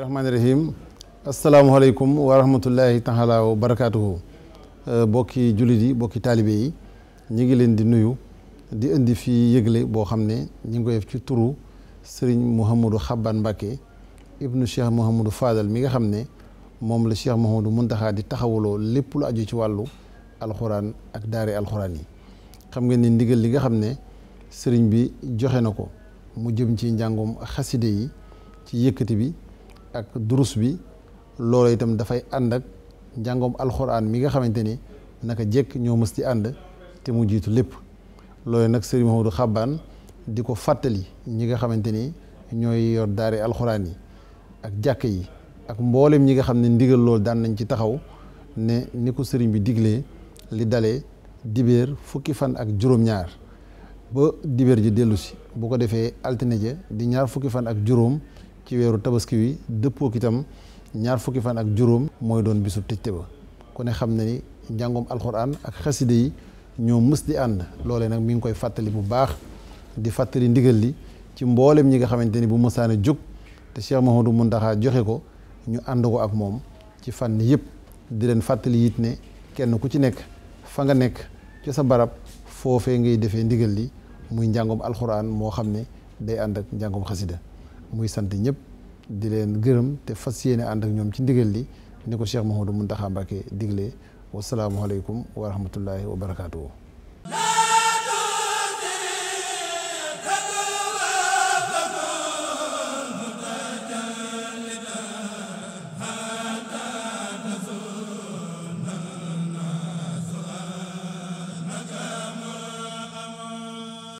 rahmaani rahim asalaamaaleykum wa rahmatullahi taala wa barakaatuhu euh, bokki jullit yi bokki taalibe yi ñu ngi leen di nuyu di indi fii yëgle boo xam ne ñu ngi koy def ci turu sëriñ Mouhamadou Xaban Mbacke ibnu Cheikh Mouhamadou Fadal mi nga xam ne moom la Cheikh Mouhamadou Muntaxa di taxawuloo lépp lu aju ci wàllu alxuraan ak daare alxuraan yi xam nga ni ndigal li nga xam ne sëriñ bi joxe na ko mu jëm ci njàngum xaside yi ci yëkkati bi ak durus bi loolu itam dafay ànd ak njàngoom alxuraan mi nga xamante ni naka jekk ñoo mës ci ànd te mu jiitu lépp loolu nag sëriñ Mamadou di ko fàttali ñi nga xamante ni ñooy yor daare alxuraan yi ak jàkk yi ak mboolem ñi nga xam ne ndigal lool daan nañ ci taxaw ne ni ko sëriñ bi diglee li dale dibeer fukki fan ak juróom-ñaar ba dibeer ji dellusi si bu ko defee altine di ñaar fukki fan ak juróom ci weeru tabaski wi dëppoo itam ñaar fukki fan ak juróom mooy doon bisub tëjte ba ku ne xam na ni njàngum alxuraan ak xaside yi ñoo mës di ànd loole nag mi ngi koy fàttali bu baax di fàttali ndigal li ci mboolem ñi nga xamante ni bu mësaan a jóg te Cheikh Mahoudou Mountakha joxe ko ñu ànd ko ak moom ci fànn yëpp di leen fàttali it ne kenn ku ci nekk fa nga nekk ci sa barab foofee ngay defee ndigal li muy njàngum alxuraan moo xam ne day ànd ak njàngum xasida muy sant ñëpp di leen gërëm te fas yéene ànd ak ñoom ci ndigal li ni ko Cheikh Mouhamadou Mountakha Mbacké digle wasalaamualeykum wa rahmatullahi wa